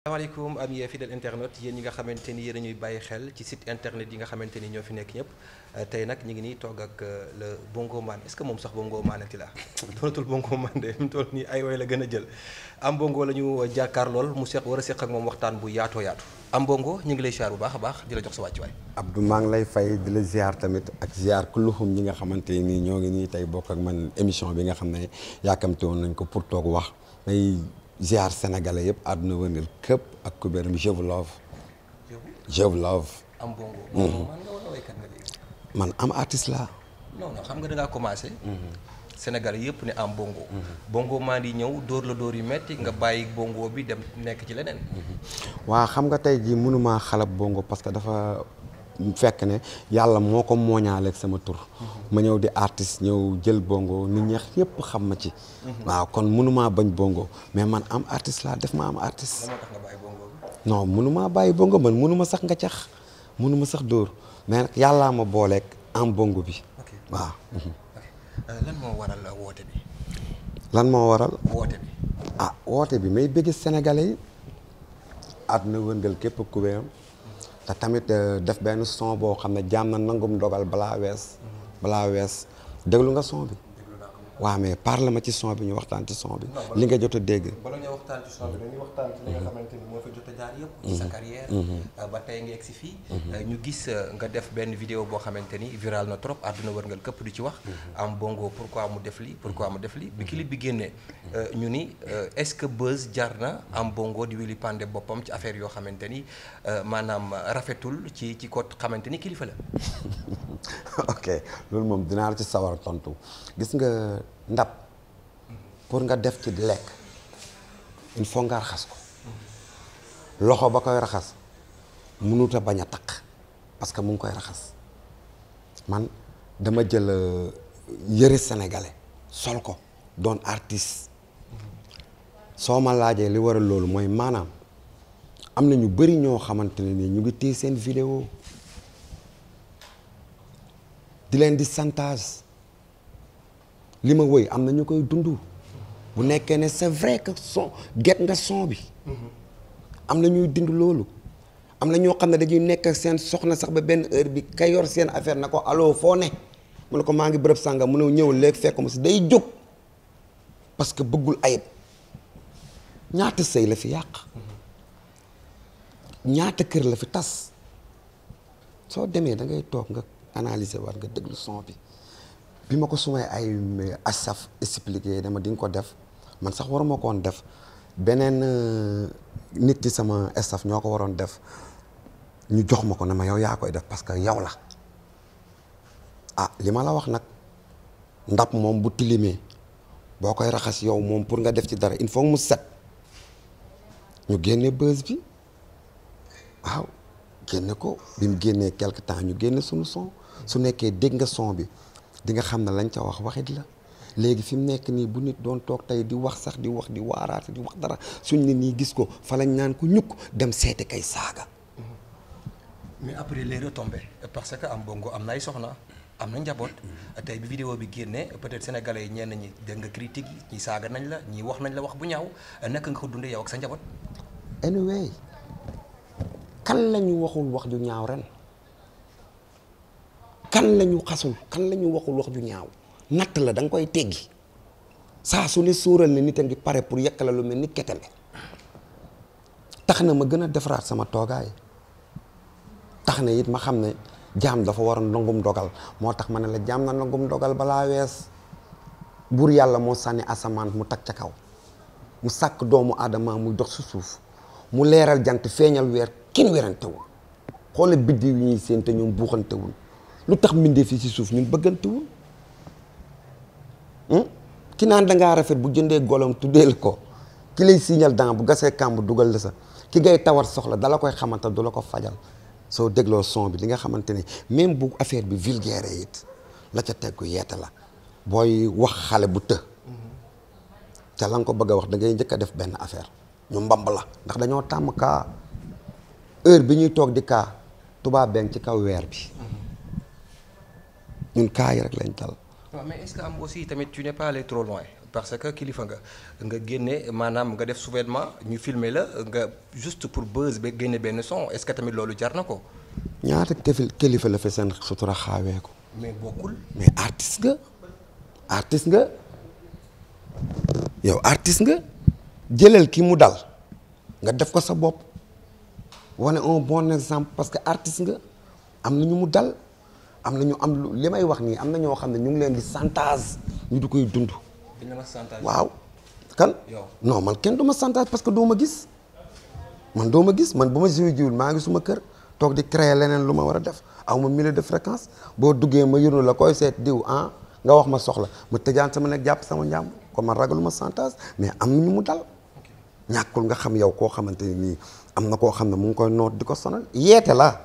asalaamaaleykum am yee fidèle internet yéen ñi nga xamante ni yéen ñuy bàyyi xel ci site internet yi nga xamante ni ñoo fi nekk ñëpp euh, tey nag ñu ngi nii toog ak euh, le bongo man est que moom sax bongo manati la doonatul bongo man de mu toll nii ay way gën a jël am bongo la ñu jàkkaar lool mu seq war seq ak moom waxtaan bu yaatoo yaatu am bongo ngi lay ziar bu baax a baax di la jox sa wàccuwaay Abdou maa lay fay di tamit ak ziar kulluxum ñi nga xamante nii ñoo ngi nii tey bokk ak man émission bi nga xam ne yaakamte woon nañ ko pour toog wax ziar sénégalais yëpp àdduna wëndeel képp ak ku beeram je love. je love. am bongo. Hmm. man am artiste laa. non xam nga da ngaa commencé. Hmm. Sénégal yëpp ne am bongo. Hmm. bongo maa di ñëw dóor la dóor yu metti nga bàyyi bongo bi dem nekk ci leneen. waa xam nga tey jii mënumaa xalab bongo parce dafa fekk ne yàlla moo ko mooñaaleeg sama tur mhm. ma ñëw di artiste ñëw jël bongo nit ñeex ñëpp xam ma ci mhm. waaw kon mënumaa bañ bongo mais man am artiste laa def ma am artiste non mënumaa bàyyi bongo man mënuma sax nga cax ma sax dóor mais yàlla ma booleek am bongo bi waaw mhm. euh, lan moo waral euh, woote bi lan moo waral woote bi ah, woote bi may bëgg sénégalais yi àdduna wëngal képp ku te tamit euh, def benn son boo xam ne jaam na nangum dogal balaa wees balaa wees déglu nga son bi waa mais parle ma ci son bi ñu waxtaan ci son bi. li nga jot a dégg. bala ñuy waxtaan ci son bi dañuy waxtaan ci li nga mhm. xamante moo fi jot a jaar yëpp. ci sa mhm. carrière. Mhm. Euh, ba tey nga egg si fii. Euh, ñu gis euh, nga def benn vidéo boo xamante ni viral na trop àdduna wërngal këpp du ci wax. am bongo pourquoi mu def lii pourquoi mu def lii bi clip bi génnee. ñu ni est-ce que buzz jar na am bongo di wili pande boppam ci affaire yoo xamante ni maanaam rafetul ci ci ko xamante ni kilifa la. ok loolu moom dinaa ci sawar tontu ndab pour nga def ci lekk il faut nga raxas ko loxo ba koy raxas mënut a bañ a takk parce que mu ngi koy raxas man dama jël euh, yëre sénégalais sol ko doon artiste soo ma laajee li waral loolu mooy maanaam am na ñu bëri ñoo xamante ne nii ñu ngi téye seen vidéo di leen di chantage li ma woy am na ñu koy dund bu nekkee ne c'est vrai que son get nga son bi am na ñuy dind loolu am na ñoo xam ne dañuy nekk seen soxna sax ba benn heure bi ka seen affaire na ko allo foo ne mu ne ko maa ngi bërëb sànga mu ne ñëw léegi fekk mu si day jóg parce que bëggul ayib ñaata sëy la fi yàq ñaata kër la fi tas soo demee da ngay toog nga analyser war nga déglu son bi bi ma ko sumay ay asaf expliqué dama di nga ko def man sax waruma koon def beneen euh, nit ci sama staff ñoo ko waroon def ñu jox ma ko ne ma yow yaa koy def parce que yow la ah li ma la wax nag ndab moom bu tilimee boo koy raxas yow moom pour nga def ci dara il faut mu set ñu génne bës bi waaw génne ko bi mu génnee quelque temps ñu génne suñu son su nekkee dégg nga son bi di nga xam ne lañ ca wax waxit la léegi fi mu nekk nii bu nit doon toog tey di wax sax di wax di waaraate di wax dara suñ ne nii gis ko fa lañ naan ko ñukk dem seete kay saaga. mais après les retombées parce que am bongo am na ay soxna am na njaboot tey bi video bi génnee peut-être sénégalais yi ñenn ñi dégg nga critique yi ñi saaga nañ la ñi wax nañ la wax bu ñaaw nekk nga ko dundee yow ak sa njaboot. anyway kan la ñu waxul wax ju ñaaw ren. kan la ñu xasul kan la ñu waxul wax ju ñaaw natt la danga koy teggi saa su ne sóoral ne nit a ngi pare pour yekk la lu mel ni ketele tax na ma gën a defaraat sama toogaay tax na it ma xam ne jaam dafa war a nangum dogal moo tax ma ne la jaam na nangum dogal balaa wees buur yàlla moo sànni asamaan mu tag ca kaw mu sàkk doomu aadama muy dox si suuf mu leeral jant feeñal weer kenn werantewul xoolal biddiw yi ñuy seen te ñoom buuxantewul lu tax mbindee fi ci suuf ñun bëggantewul hmm? ki naan danga rafet bu jëndee golom tuddeel ko ki lay signal daan bu gasee kàmb dugal la sa ki ngay tawar soxla dala koy xamante du la ko fajal soo dégloo son bi li nga xamante ni même bu affaire bi vulgaire it la ca teggu yeete la booy wax xale bu të ca la ko bëgg a wax dangay ngay njëkk a def benn affaire ñu mbamb la ndax dañoo tàmm kaa heure bi ñuy toog di kaa tubaab benn ci kaw weer bi ñun cas yi rek lañ dal. waaw mais aussi tamit tu n'es pas allé trop loin parce que kilifa nga nga génne maanaam nga def souverainement ñu filmer la nga juste pour buzz ba génne benn son est-ce que tamit loolu jar na ko. ñaata kilifa la fi seen sutura xaawee ko. mais bokkul. mais artiste nga artiste nga yow artiste nga jëlal ki mu dal nga def ko sa bopp wane un bon exemple parce que artiste nga am na ñu mu dal. am na ñu am li may wax nii am na ñoo xam ne ñu ngi leen di chantage ñu di koy dund. waaw. kan non man kenn du ma chantage parce que doo ma gis man doo ma gis man bu ma jiw jiwul maa ngi suma kër toog di leneen lu ma war a def aw ma milieu de fréquence boo duggee ma yónnu la koy seet diw ah nga wax ma soxla ma tëjaan sama nekk jàpp sama njàmm kon ragal ragalu ma chantage mais am na ñu mu dal. ñàkkul nga xam yow koo xamante nii am na koo xam ne mu ngi koy noot di ko sonal yeete la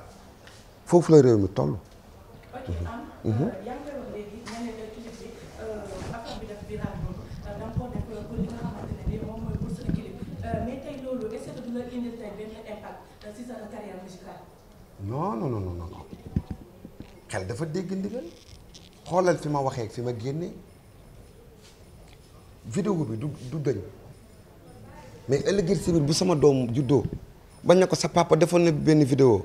foofu la réew mi toll. non non non xel dafa dégg ndigal xoolal fi ma waxee fi ma génnee vidéo bi du du dañ mais ëllëgër si biir bu sama doom juddoo bañ na ko sa papa defoon na benn vidéo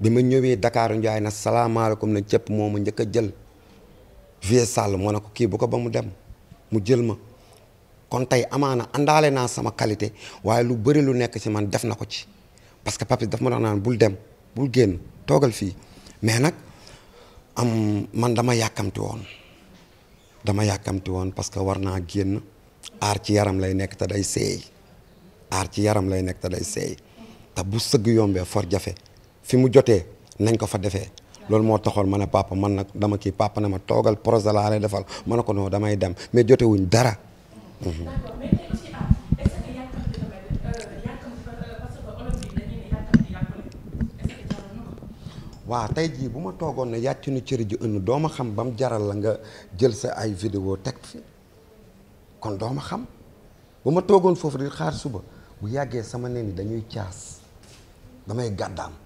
bi ma ñëwee Dakar Ndiaye na salaamaaleykum na cëpp moo ma njëkk a jël vie sàll moo ne ko kii bu ko ba mu dem mu jël ma kon tey amaana àndaale naa sama qualité waaye lu bëri lu nekk ci man def na ko ci parce que Papis daf ma doon naan bul dem bul génn toogal fii mais nag am man dama yàkkamti woon dama yàkkamti woon parce que war naa génn aar ci yaram lay nekk day seey aar ci yaram lay nekk te day seey te bu sëgg yombee for jafe fi mu jotee nañ ko fa defee loolu moo taxoon ma ne pàpp man nag dama kii papa na ma toogal projet laa lay defal ma ne ko non damay dem mais jotewuñ dara. waaw tey jii bu ma toogoon ne yàcc na cëri ji ënn doo xam ba mu jaral la nga jël sa ay vidéo teg fi kon doo xam bu ma toogoon foofu di xaar suba bu yàggee sama nen dañuy caas damay gàddaam.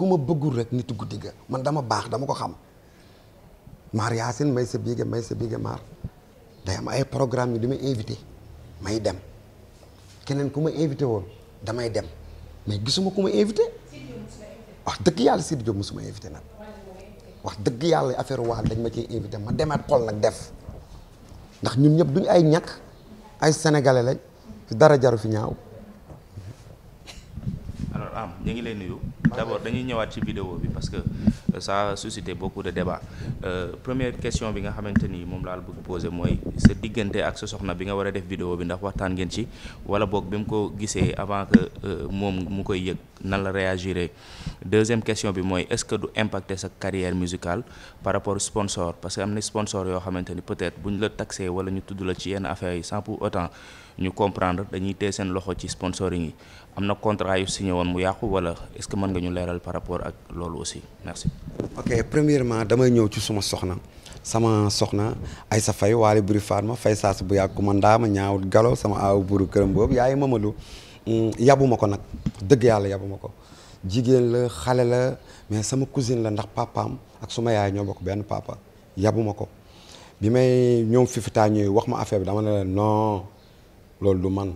ku ma bëggul rek nitu guddi ga man dama baax dama ko xam maar yaasin may sa biige may sa biige maar day am ay programme yu di ma invité may dem keneen ku ma invité woon damay dem mais gisuma ku ma invité wax dëgg yàlla Sidi Diop musuma invité nag wax dëgg yàlla affaire waal dañ ma ci invité ma demaat xol nag def ndax ñun ñëpp duñ ay ñakk ay sénégalais lañ dara jaru fi ñaaw am ñu ngi lay nuyu d'abord dañuy ñëwaat ci vidéo bi parce que sa euh, a suscité beaucoup de débats euh, première question bi nga xamante ni moom laal bëgg posé mooy sa diggante ak sa soxna bi nga war a def vidéo bi ndax waxtaan ngeen ci wala boog bi mu ko gisee avant que euh, moom mu koy yëg nan la réagiré deuxième question bi mooy est-ce que du impacter sa carrière musicale par rapport au sponsor parce que am na sponsor yoo xamante ni peut-être ñu la taxé wala ñu tudd la ci yenn affaires yi sans pour ñu comprendre dañuy téye seen loxo ci sponsoring yi am na contrat yu signé woon mu yàqu wala est-ce que mën nga ñu leeral par rapport ak loolu aussi merci. ok premièrement damay ñëw ci suma soxna. sama soxna Aysa Faye waale buri faat ma fay saas bu yàgg ku ma ndaama ñaawut sama aaw buru këram boobu yaay Mamadou Mm, yabuma ko nag dëgg yàlla yabuma ko jigéen la xale la mais sama cousine la ndax papaam ak suma yaay ñoo bokk benn papa yabuma ko bi may ñoom fifitaa ñuy wax ma affaire bi dama ne leen non loolu du man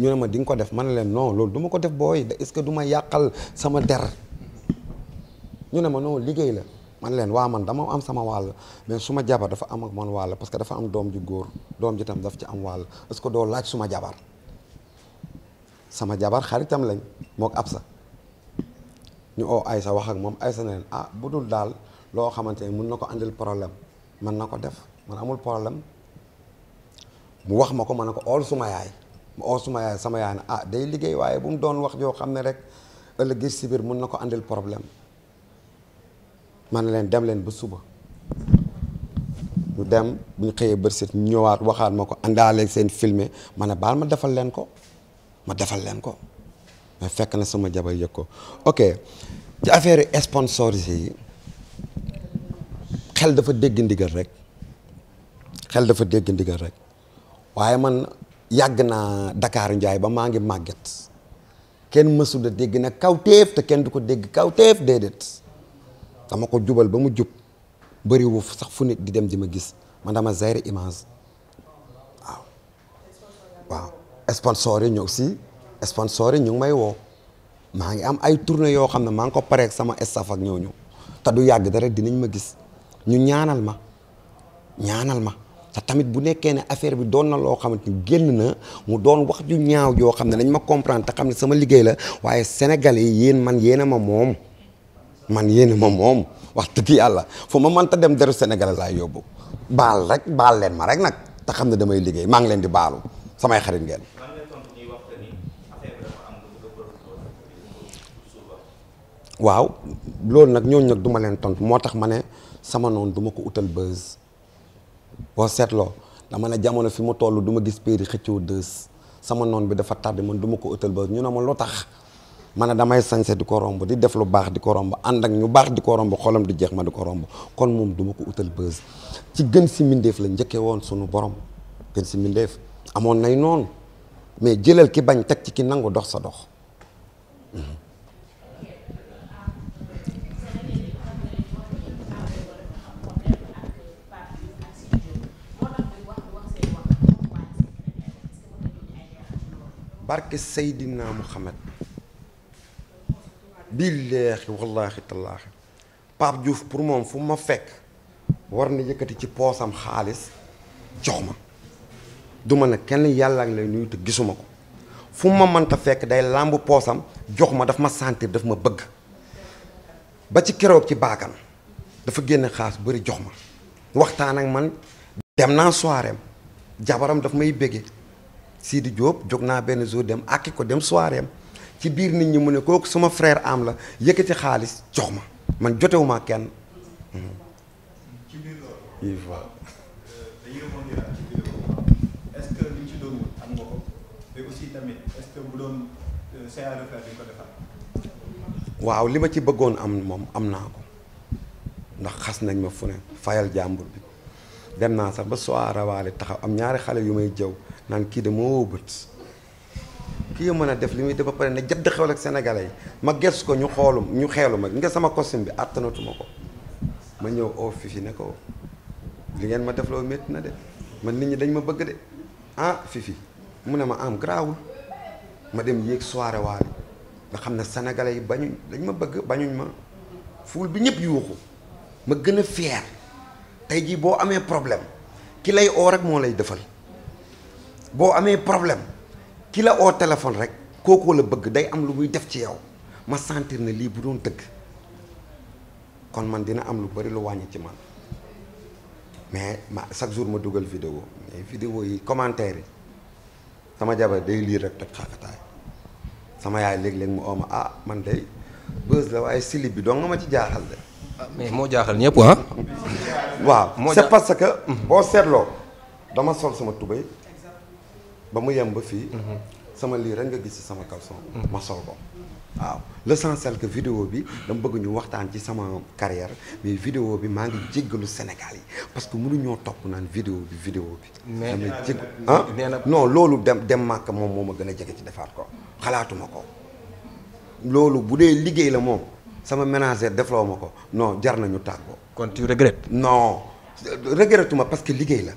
ñu ne ma di nga ko def man ne leen non loolu du ko def booy est-ce que du ma yàqal sama der ñu ne ma non liggéey la man leen waa man dama am sama wàll mais suma jabar dafa am ak man wàll parce que dafa am doom ju góor doom ji tam daf ci am wàll est que doo laaj suma jabar sama jabar xaritam lañ mook Absa ñu oo Aysa wax moom Aysa ne leen ah bu dul daal loo xamante ne mun na ko andil problème mën na ko def man amul problème mu wax ma ko mën na ko ool suma yaay mu ool sama yaay ah day liggéey waaye bu mu doon wax joo xam ne rek ëllëg gis si biir mun na ko andil problème man leen dem leen ba suba ñu dem bu ñu xëyee bërsit ñëwaat waxaat ma ko àndaale seen filme ma ne baal ma defal leen ko ma defal leen ko mais fekk na sama jabar yëg ko ok ci affaire sponsorisé yi xel dafa dégg ndigal rek xel dafa dégg ndigal rek waaye man yàgg na Dakar Njaay ba maa ngi màgget kenn mësul a dégg na kawteef te kenn du ko dégg kawteef déedéet dama ko jubal ba mu jub bariwu wu sax fu nit di dem di ma gis man ma zéro image sponsor yi ñu aussi sponsor ñu may woo maa ngi am ay tournée yoo xam ne maa ngi ko pareeg sama staff ak ñooñu te du yàgg dara dinañ ma gis ñu ñaanal ma ñaanal ma te tamit bu nekkee ne affaire bi doon na loo xamante ni génn na mu doon wax ju ñaaw yoo xam ne dañ ma comprendre te xam ne sama liggéey la waaye sénégalais yéen man yéen a ma moom man yéen a ma moom wax dëgg yàlla fu ma mënta dem deru sénégalais laay yóbbu baal rek baal leen ma rek nag te xam ne damay liggéey maa ngi leen di baalu. samay xarit ngeen. waaw loolu nag ñooñu nag duma leen tontu moo tax ma ne sama noonu duma ko utal bës boo seetloo dama ne jamono fi mu toll duma ma gis péeri xëccoo dës sama noon bi dafa tardé man duma ko utal bës ñu ne ma lu tax ma ne damay sañse di ko romb di def lu baax di ko romb ànd ak ñu baax di ko romb xolam di jeex ma di ko romb kon moom duma ko utal bës ci gën si la njëkkee woon sunu borom gën si amoon nay noonu mais jëlal ki bañ teg ci ki nangu dox sa dox barke Seydina Muhammad billaahi wallaahi tallaahi Pape Diouf pour moom fu ma fekk war na yëkkati ci poosam xaalis jox ma du ma ne kenn yàlla ak lay nuyu te gisuma ko fu ma mënta fekk day làmb poosam jox ma daf ma sentir dafa ma bëgg ba ci keroog ci baakan dafa génn xaas bari jox ma waxtaan ak man dem naa soirée jabaram daf may bége Sidi Diop jóg naa benn jour dem akki ko dem soirée ci biir nit ñi mu ne kooku suma frère am la yëkkati xaalis jox ma man jotewuma kenn. doon wut euh, am waaw li ma ci bëggoon am moom am naa ko ndax xas nañ ma fu ne fayal jàmbur bi dem naa sax ba soo rawaale taxaw am ñaari xale yu may jëw naan kii de moo bët kii mën a def li muy def ba pare ne jadd xew ak sénégalais yi ma gëstu ko ñu xoolum ñu xeelu ma nga sama costume bi àttanatuma ko ma ñëw oo fi fi ne ko li ngeen ma defloo loo na de man nit ñi dañ ma bëgg de ah Fifi mu ne ma am ah, garaawul ma dem yéeg soirée nga xam ne sénégalais yi bañuñ dañ ma bëgg bañuñ ma fuul bi ñëpp yuuxu ma gën a fier tey jii boo amee problème ki lay rek moo lay defal boo amee problème ki la oo téléphone rek kooku la bëgg day am lu muy def ci yow ma sentir na lii bu doon dëgg kon man dina am lu bari lu wàññi ci man mais ma chaque jour ma dugal vidéo mais vidéo yi commentaire yi sama jabar day lii rek toj xaakataay sama yaay léeg-léeg mu ooma ah man de bës la waaye silib bi doo nga ma ci jaaxal de. Ah, mais moo jaaxal ñëpp ah. waaw c'est parce que. Mhm. boo seetloo dama sol sama tubéy ba mu yem ba fii. Mhm. sama lii rek nga gis ci sama caleçon. Mhm. ma sol ko. waaw l'essentiel que vidéo bi dama bëgg ñu waxtaan ci sama carrière mais vidéo bi maa ngi jéggalu Sénégal yi parce que mënuñoo topp naan vidéo bi vidéo bi dama jég ah non loolu dem dem màkk moom moo ma gën a jege ci defaat ko xalaatuma ko loolu bu dee liggéey la moom sama ménagère defloo ma ko non jar nañu tàggoo kon tu regrettes parce que liggéey la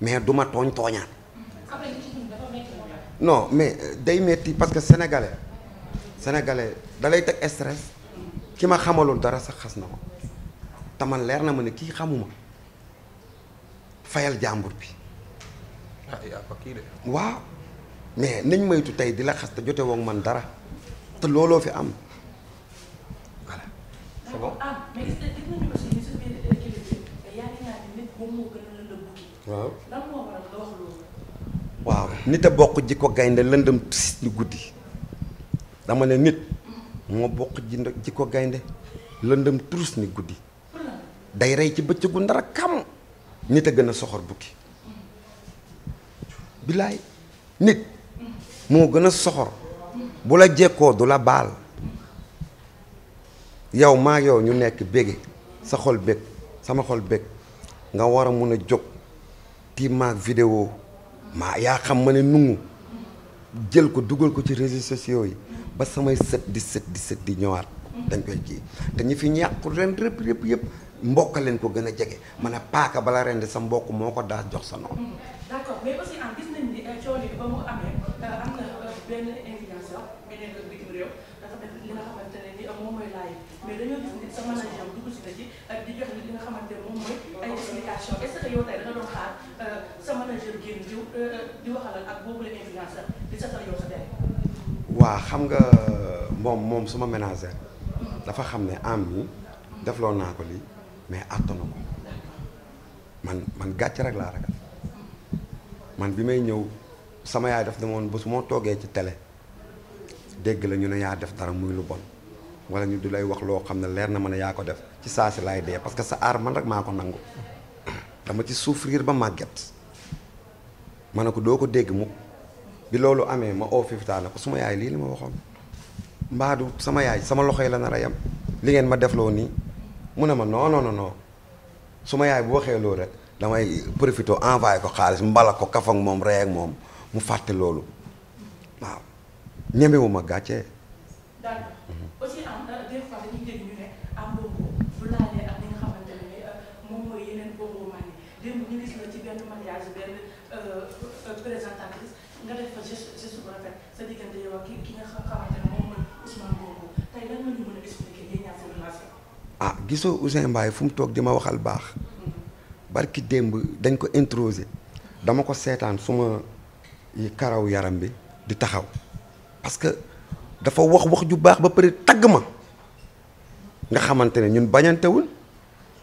mais du ma tooñ tooñaat non mais euh, day metti parce que sénégalais sénégalais dalay teg stress ki ma xamaloon dara sax xas na ko taman leer na ma ne kii xamuma fayal jàmbur bi waaw mais nañ maytu tey di la xas te jote woon man dara te looloo fi am waaw waaw nit a bokk jikko gaynde lëndëm tis guddi dama ne nit moo bokk ji ko gaynde lëndëm turus ni guddi day rey ci bëccëgu ndara kam nit a gën a soxor bukki bilaay nit moo gën a soxor bu la jekkoo du la baal yow maa yow ñu nekk bége sa xol bég sama xol bég nga war a mun a jóg tiim maag vidéo maa yaa xam ma ne nungu jël ko dugal ko ci réseaux sociaux yi ba samay sët di sët di sët di ñëwaat dañ koy kii te ñi fi ñàkk ren rëpp yëpp yëpp mbokk leen ko gën a jege man a paaka bala ren di sa mbokk moo ko daa jox sa noonu moom mooy laay mais dañoo gis ni sa manager dugg si na ci ak eh, di jox li nga xamante ne moom mooy ay eh, sa manager génn di eh, waxalal ak boobu la di sa yow sa tey waa xam nga moom moom suma ménagère dafa xam ne am mi defloo naa ko lii mais àttanu ko man man gàcce rek laa ragal man bi may ñëw sama yaay daf demoon ba su moo toogee ci tele dégg lañu ñu ne yaa def dara muy lu bon wala ñu du lay wax loo xam ne leer na ma ne yaa ko def ci saa si laay dee parce que sa aar man rek maa ko nangu dama ci souffrir ba màgget ma ne ko doo ko dégg mu bi loolu amee ma oo Fifita ko suma yaay lii li ma waxoon mbaadu sama yaay sama loxo la nar a li ngeen ma defloo nii mu ne ma non non non suma yaay bu waxee loolu rek damay profité envoyé ko xaalis mbala ko kaf moom rey ak moom mu fàtte loolu waaw ñemewu ah gisoo Ousseyn Mbaye fu mu toog di ma waxal baax. Mm-hmm. barki démb dañ ko introsé dama ko seetaan suma karaw yaram bi di taxaw parce que dafa wax wax ju baax ba pare tagg ma nga xamante ne ñun bañantewul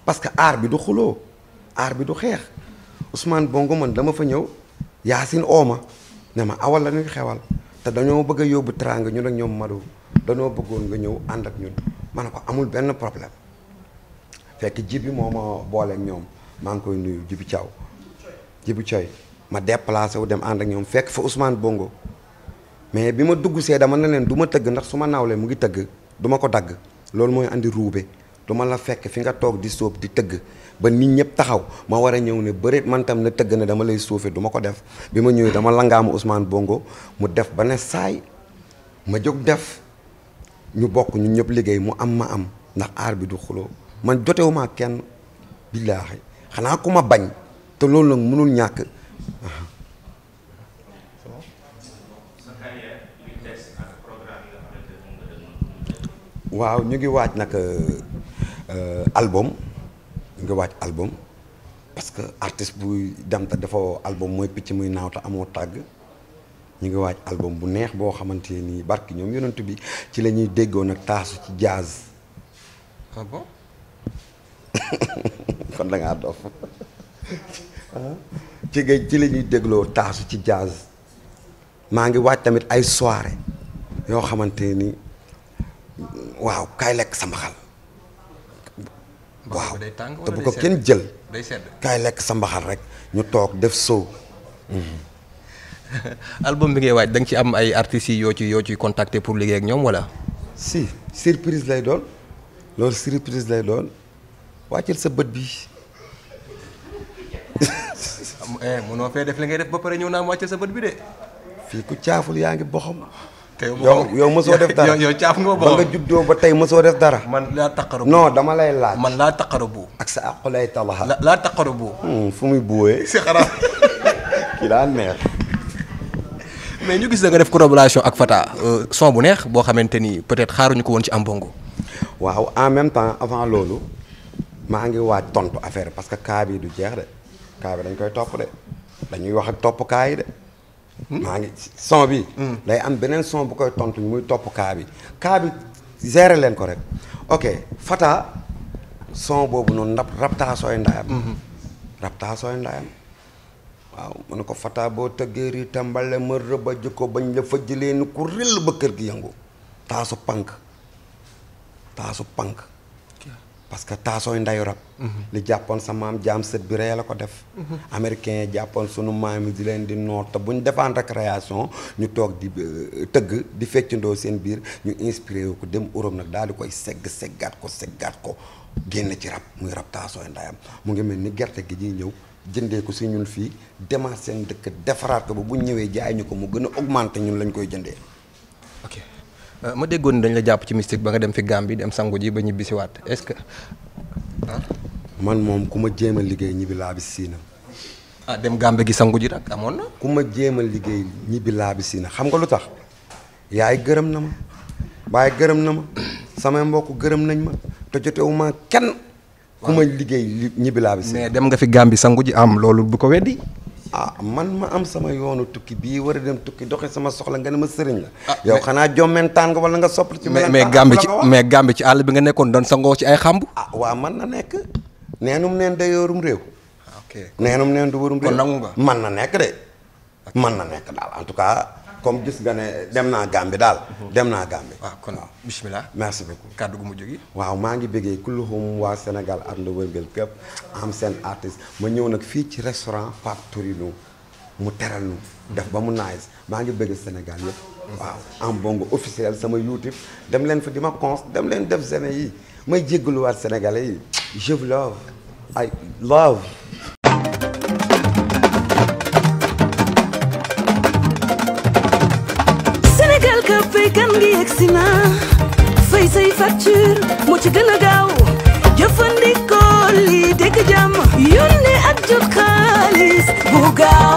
parce que aar bi du xuloo aar bi du xeex Ousmane Bongo man dama fa ñëw Yaasin ooma ne ma awal la ñuy xewal te dañoo bëgg a yóbbu teraanga ñun ak ñoom Madou dañoo bëggoon nga ñëw ànd ak ñun man ne ko amul benn problème fekk jibi moo ma booleeg ñoom maa ngi koy nuyu jibi Thiaw jibi Thiaw ma déplacé wu dem ànd ak ñoom fekk fa Ousmane Bongo mais bi ma dugg see man na leen du ma tëgg ndax su ma nawlee mu ngi tëgg duma ko dagg loolu mooy indi ruube du ma la fekk fi nga toog di soob di tëgg ba nit ñëpp taxaw ma war a ñëw ne bëreet man tam na tëgg ne dama lay suufe duma ko def bi ma ñëwee dama langaamu Ousmane Bongo mu def ba ne saay ma jóg def ñu bokk ñu ñëpp liggéey mu am ma am ndax aar bi du xuloo man jotewuma kenn billaahi xanaa ku ma bañ te loolu nag mënul ñàkk waaw ñu ngi waaj nag euh, album ñu nga waaj album parce que artiste buy dem te defoo album mooy picc muy naaw amoo tàgg ñu ngi waaj album bu neex boo xamante ni barki ñoom yonent bi ci lañuy déggoo nag taasu ci jazz. ah bon. kon da ngaa la ñuy dégloo taasu ci jazz maa ngi wàcc tamit ay soirée yoo xamante ni waaw kaay lekk sama xal. waaw te bu ko kenn jël day kaay lekk sa mbaxal rek ñu toog def soow album bi ngay waaj da nga ci am ay artistes yi yoo ci yoo ci contacter pour liggéey ak ñoom wala. si surprise lay doon loolu surprise lay doon wàccal sa bët bi. Eh, munoo fee def li ngay def ba pare ñëw naa wàccal sa bët bi de. fii ku caaful yaa ngi boxam. yow yow mosoo def dara yow caaf nga ba nga juddoo ba tey mosoo def dara. man laa taqarabu non dama lay laaj. man laa taqarabu. ak sa àqu lay talaxa. la laa taqarabu. Hmm, fu muy buwee. si xaraam laa neex. mais ñu gis da nga def collaboration ak Fata euh, son bu neex boo xamante ni peut-être xaaruñu ko woon ci am bongo. waaw en même temps avant loolu maa ngi waaj tontu affaire parce que cas bi du jeex de cas bi dañ koy topp de dañuy wax ak topp cas yi de. Hmm? maa ngi son bi hmm. day am beneen son bu koy tontu muy topp kaa bi kaa leen ko rek ok fata son boobu noonu ndab rabtaa sooy ndaayam hmm. rabtaa sooy ndaayam waaw mu ne ko fata boo tëggee ri tambale ma rëba jikko bañ la fëjj leen ku rëll ba kër gi yëngu taasu pank taasu pank parce que taasooy ndayu rab mhm. li jàppoon sa maam jaam sët bi ree la ko def mhm. americain yi suñu maam yi di leen di noot te bu ñu defaan récréation ñu toog di euh, tëgg di feccandoo seen biir ñu inspiré wu ko dem Europe nag daal di koy segg seggaat ko seggaat ko génn ci rab muy rab taasooy ndayam mu ngi mel ni gerte gi ñuy ñëw jëndee ko si ñun fii demaat seen dëkk defaraat ko ba bu ñëwee jaay ñu ko mu gën a ñun lañ koy jëndee Euh, ma déggoon dañ la jàpp ci mystique ba nga dem fi Gambie dem sangu ji ba ñibbisiwaat est-ce que. Ah? man moom ku ma jéem a liggéey ñibbi laa bi siina. ah dem Gambie gi sangu ji nag amoon na. ku ma jéem a liggéey ñibbi laa bi xam nga lu tax. yaay gërëm na ma. baay gërëm na ma. samay mbokk gërëm nañ ma. te jotewu ma kenn. ku ma liggéey ñibbi laa bi siina mais dem nga fi Gambie sangu ji am loolu bu ko weddi. ah man ma am sama yoonu tukki bii war a dem tukki doxee sama soxla nga ne ma sëriñ la. Ah, yow xanaa jommeen nga wala nga soppali. ci mais mais ah, gàmbi ci mais gàmbi ci àll bi nga nekkoon doon sangoo ci ay xamb. ah waaw man na nekk neenum neen dayoorum réew. Ah, ok neenum neen du warum réew. kon nangu nga mën na nekk de. mën na nekk daal en tout cas. comme gis nga ne dem naa Gambie daal. Mhm. dem naa Gambie. Ah, waaw kon bisimilah. merci beaucoup kàddu gu mujj gi. waaw maa ngi béggee bëggee kulluhum waa Sénégal na wërngël képp am seen artiste ma ñëw nag fii ci restaurant Pape Torino mu teral nu def ba mu nice maa ngi bégg Sénégal yëpp. Mhm. waaw en bongo officiel sama YouTube dem leen fa di ma cons dem leen def zene yi may jéggaluwaat Sénégalais yi je love I love. Proxima fay say facture moo ci gën a gaaw jëfandikoo lii dégg jàmm yónnee ak jot xaalis bu gaaw